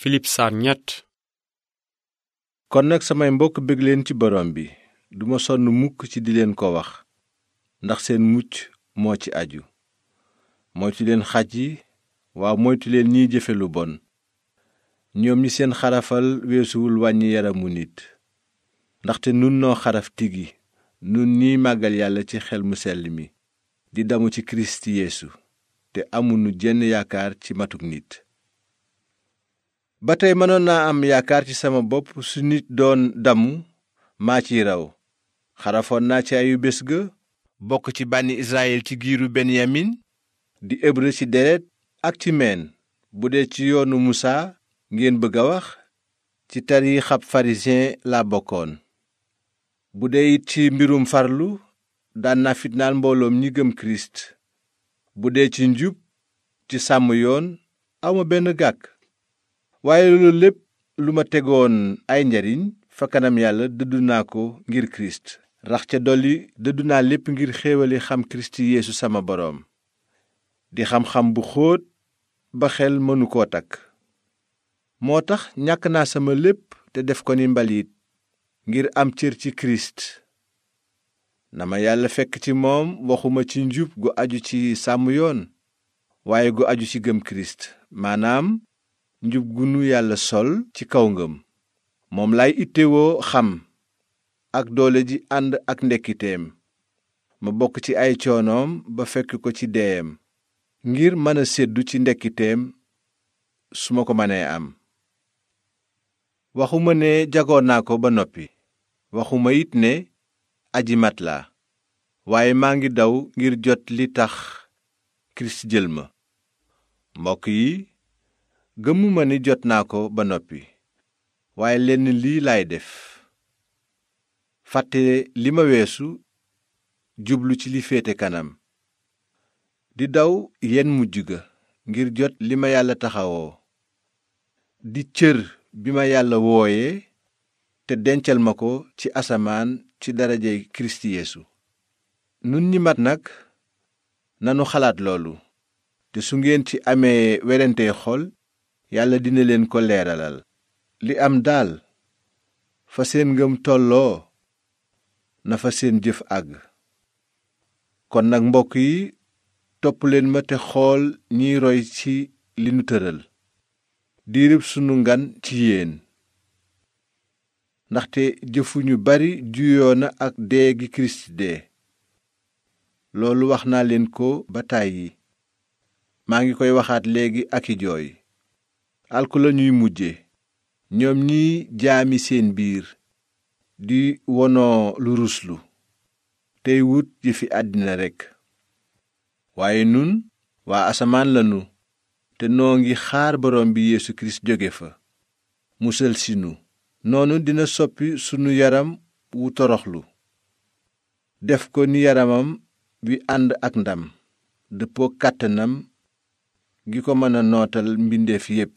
Filip saar ñett kon nag samay mbokk bég leen ci borom bi duma sonn mukk ci di leen ko wax ndax seen mucc moo ci aju moytu leen xaj yi waaw moytu leen ñiy jëfe lu bon ñoom ñi seen xarafal weesuwul wàññi yaramu nit ndaxte nun noo xaraf tigi nun ñiy màggal yàlla ci xel mu sell mi di damu ci kirist yeesu te amunu jenn yaakaar ci matuk nit ba tey mënoon naa am yaakaar ci sama bopp su nit doon damu maa ciy raw xarafoon naa ci ayu bés ga bokk ci bànni Israyil ci giiru Benyamin di hébreu ci deret ak ci meen bu dee ci yoonu Musaa ngeen bëgg a wax ci tarixab pharisien laa bokkoon bu dee it ci mbirum farlu daan naa fitnaal mbooloom ñi gëm kirist bu dee ci njub ci sàmm yoon awma benn gàkk waaye loolu lépp lu ma tegoon ay njariñ fa kanam yàlla dëddu naa ko ngir kirist rax ca dolli dëddu naa lépp ngir xéewali xam kirist yeesu sama boroom di xam-xam bu xóot ba xel mënu koo takk moo tax ñàkk naa sama lépp te def ko ni mbaliit ngir am cër ci kirist na ma yàlla fekk ci moom waxuma ci njub gu aju ci sàmm yoon waaye gu aju ci gëm kirist maanaam njub gunu yàlla sol ci kaw ngëm moom lay ittewoo xam ak doole ji ànd ak ndekkiteem ma bokk ci ay coonoom ba fekk ko ci deeyam ngir mën a séddu ci ndekkiteem su ma ko mënee am waxuma ne jagoon naa ko ba noppi waxuma it ne aji mat waaye maa ngi daw ngir jot li tax kirist jël ma mbokk yi gëmuma ni jot naa ko ba noppi waaye lenn lii laay def fàtte li ma weesu jublu ci li féete kanam di daw yenn mujj ga ngir jot li ma yàlla taxawoo di cër bi ma yàlla wooye te dencal ma ko ci asamaan ci darajey kirist yeesu nun ñi mat nag nanu xalaat loolu te su ngeen ci amee werante xol yàlla dina leen ko leeralal li am daal fa seen ngëm tolloo na fa seen jëf àgg kon nag mbokk yi topp leen ma te xool ñiy roy ci li nu tëral diirib sunu ngan ci yéen ndaxte jëfu ñu bari juyoo na ak dee gi kirist dee loolu wax naa leen ko ba tàyyi maa ngi koy waxaat léegi ak i jooy alku ñuy mujje ñoom ñi jaami seen biir di wonoo lu ruslu tey wut fi àddina rekk waaye nun waa asamaan lanu te noo ngi xaar borom bi Yeesu Kirist jóge fa musal si nu noonu dina soppi sunu yaram wu toroxlu def ko ni yaramam wi ànd ak ndam dëppoo kàttanam gi ko mën a nootal mbindeef yépp